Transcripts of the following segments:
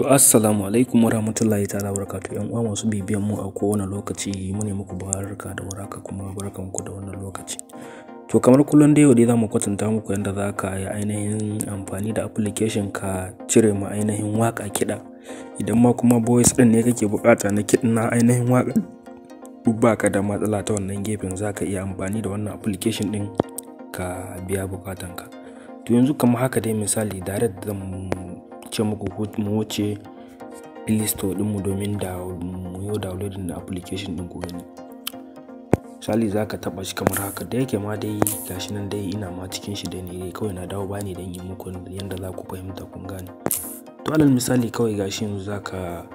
To assalamu alaikum warahmatullahi ta'ala barakatuh yan uwa masu bibiyan mu a kowane lokaci mu ne muku barka da waraka kuma barkan ku da wannan lokaci. To kamar kullum da yau dai zamu kwatanta muku yadda za ka yi ainihin amfani da application ka cire ma ainihin waka kiɗa idan ma kuma voice din ne kake bukata na kiɗin na ainihin waka duk baka da matsala ta wannan gefen za ka iya amfani da wannan application din ka biya bukatanka. To yanzu kamar haka dai misali direct zan ce muku mu wuce play dinmu domin da mu yi downloading da application din gobe ne. shali za ka taba shi kamar haka da yake ma dai gashi nan dai ina ma cikin shi da ne dai eh kawai na dawo bani dan yi muku yanda za ku fahimta kun gane to alal misali kawai gashi yanzu za ka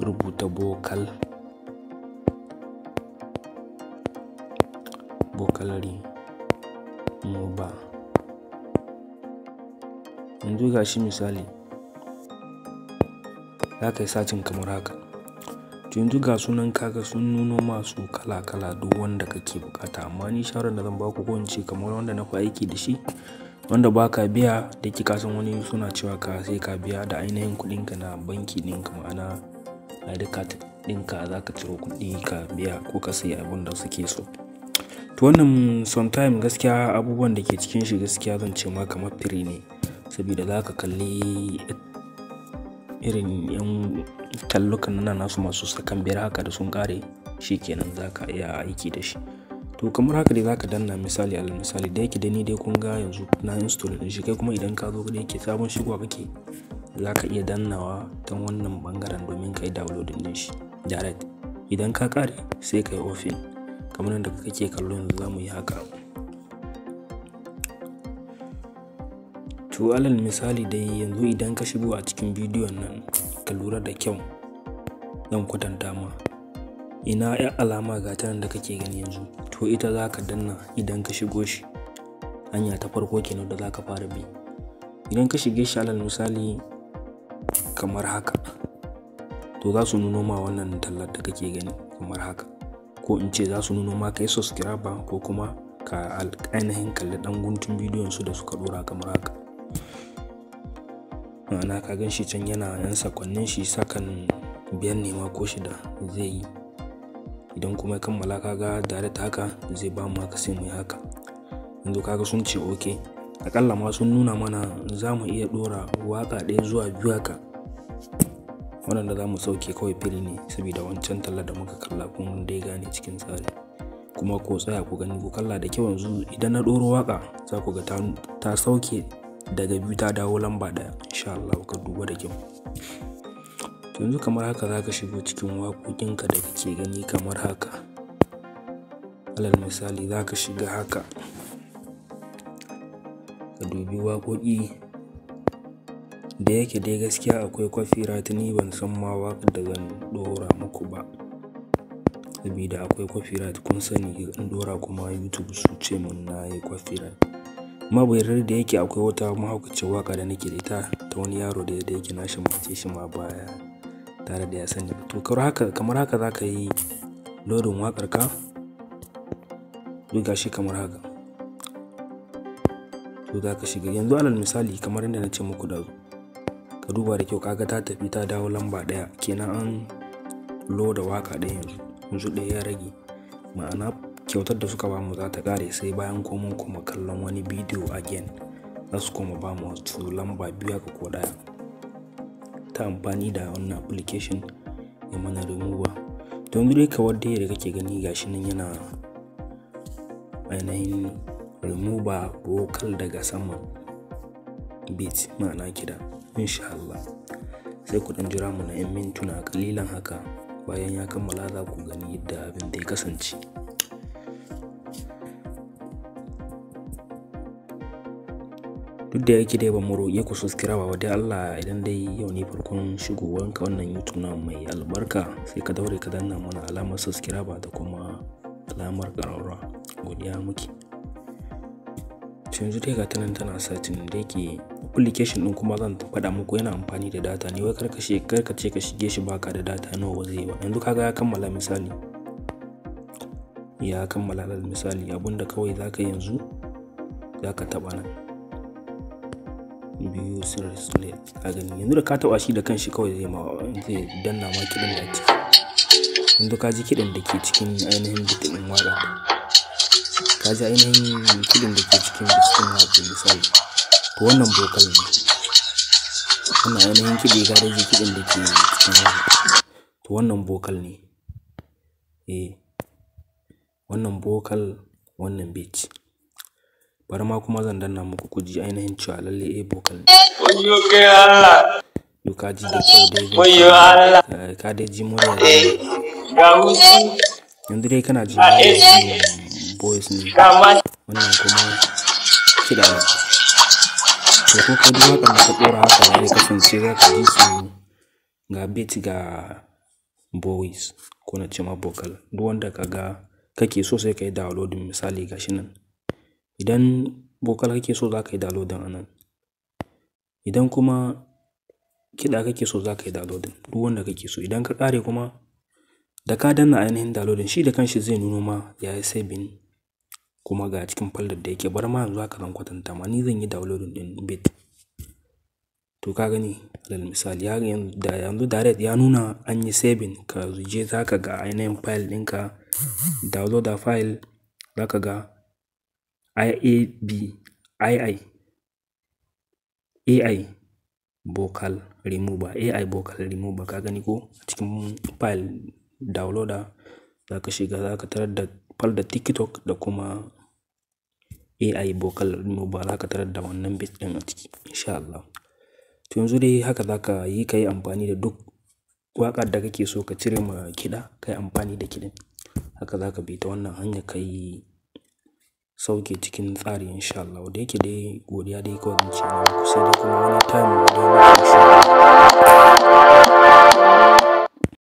rubuta bokal bokalari ba. yanzu gashi misali za ka yi sacin kamar haka to ga sunan kaga sun nuno masu kala-kala duk wanda kake bukata amma ni shawarar da zan baku ko in ce kamar wanda na fi aiki da shi wanda ba ka biya da kika san wani suna cewa ka sai ka biya da ainihin ka na banki ka ma'ana ID din ka za ka ciro kuɗi ka biya ko ka sai abin da suke so to wannan sometime gaskiya abubuwan da ke cikin shi gaskiya zan ce ma kamar firi ne saboda za ka kalli irin yan tallukan nan nasu masu sakan biyar haka da sun kare shi kenan za ka iya aiki da shi to kamar haka dai zaka danna misali alal misali da yake da ni dai kun ga yanzu na install din shi kai kuma idan ka zo da yake sabon shigowa kake zaka iya dannawa ta wannan bangaren domin kai downloading din shi direct idan ka kare sai ka kai offin kamar yadda kake kallo yanzu zamu yi haka to alal misali dai yanzu idan ka shigo a cikin bidiyon nan ka lura da kyau zan kwatanta ma ina yan alama ga ta da kake gani yanzu to ita za ka danna idan ka shigo shi hanya ta farko kenan da za ka fara bi idan ka shige shi alal misali kamar haka to za su nuno ma wannan tallar da kake gani kamar haka ko in ce za su nuno ma kai subscriber ko kuma ka ainihin kalli dan guntun bidiyon su da suka dora kamar haka ma'ana ka gan shi can yana yan sakonnin shi sakan biyan nema ko shida zai yi idan kuma ya kammala ka ga tare ta haka zai ba mu haka sai mu yi haka yanzu kaga sun ce ok akalla ma sun nuna mana za mu iya dora waka ɗaya zuwa biyu haka waɗanda za mu sauke kawai fili ne saboda wancan talla da muka kalla kun dai gane cikin tsari kuma ko tsaya ku gani ku kalla da kyau yanzu idan na ɗoro waka za ku ga ta sauke daga biyu ta dawo lamba ɗaya insha Allah ka duba da kyau yanzu kamar haka za ka shigo cikin waƙoƙinka da kake gani kamar haka alal misali za ka shiga haka ka dubi waƙoƙi da yake dai gaskiya akwai kwafi ni ban san ma da zan ɗora muku ba sabida akwai copyright kun sani in dora kuma youtube su ce mun na yi ratini mabirar da yake akwai wata mahaukacin waka da nake da ita ta wani yaro da da yake na shimfice shi ma baya tare da ya sani to kamar haka kamar haka za ka yi lodin wakar ka buga shi kamar haka to za ka shiga yanzu alal misali kamar inda na ce muku da ka duba da kyau kaga ta tafi ta dawo lamba daya kenan an loda waka ɗaya yanzu yanzu ɗaya ya rage ma'ana kyautar da suka bamu za ta kare sai bayan komin kuma kallon wani bidiyo again za su kuma bamu wasu lamba biyu ga ko daya ta amfani da wannan application ya mana remover don dai kawar da yadda kake gani gashi nan yana ainihin remover vocal daga sama beat ma'ana kida insha Allah sai ku ɗan jira mu na 'yan mintuna kalilan haka bayan ya kammala za ku gani yadda abin da ya kasance duk da yake dai ba mu roƙe ku subscribe ba dai Allah idan dai yau ne farkon ka wannan YouTube na mai albarka sai ka daure ka danna mana alamar subscribe da kuma alamar ƙararra godiya muke yanzu dai ga ta tana satin da yake application din kuma zan faɗa muku yana amfani da data ne wai karkashe karkace ka shige shi baka da data nawa ba zai ba yanzu kaga ya kammala misali ya kammala misali abinda kawai zaka yanzu zaka taɓa nan biyu sirri sule a gani yanzu da ka taba shi da kanshi kawai zai ma zai danna ma kiɗan da ciki yanzu ka ji kiɗan da ke cikin ainihin bitin waƙa ka ji ainihin kiɗan da ke cikin bitin waƙa misali to wannan bokal ne wannan ainihin kiɗe ga da kidan kiɗan da ke cikin waƙa to wannan bokal ne eh wannan bokal wannan beach bari ma kuma zan danna muku kuji ainihin cewa lalle eh ne. wayo kai Allah yo ka ji da kyau dai wayo Allah eh, ka dai ji mura eh, ga musu yanzu dai kana ji Boys eh, ne wannan kuma kiɗa ne to ko ka duba kan ka ɗora haka zai kasance za ka ji su ga beat ga boys ko na ce ma duk wanda ka ga kake so sai ka yi downloading misali gashi nan Idan bokal kake so za ka yi downloading a nan. Idan kuma kiɗa kake so za ka yi downloading duk wanda kake so. Idan ka ƙare kuma da ka danna ainihin dalodin shi da kanshi zai nuno ma ya yi saving kuma ga cikin folder da yake. bar ma yanzu haka zan kwatanta ma ni zan yi dalodin ɗin bit To ka gani alal misali ya yanzu da yanzu direct ya nuna an yi saving ka je za ka ga ainihin file ɗinka downloader file za ka ga iab ai ai vocal remover ai vocal remover ka gani ko a cikin file downloader za ka shiga za ka tarar da da tiktok da kuma ai vocal remover za ka tarar da wannan bit ɗin a ciki insha Allah to yanzu dai haka za ka yi ka yi amfani da duk waƙar da kake so ka cire ma kiɗa ka yi amfani da kiɗan haka za ka bi ta wannan hanya ka yi sauke cikin tsari insha Allah. Da yake dai godiya dai kawai zan ce muku sai da kuma wani time dai muke shi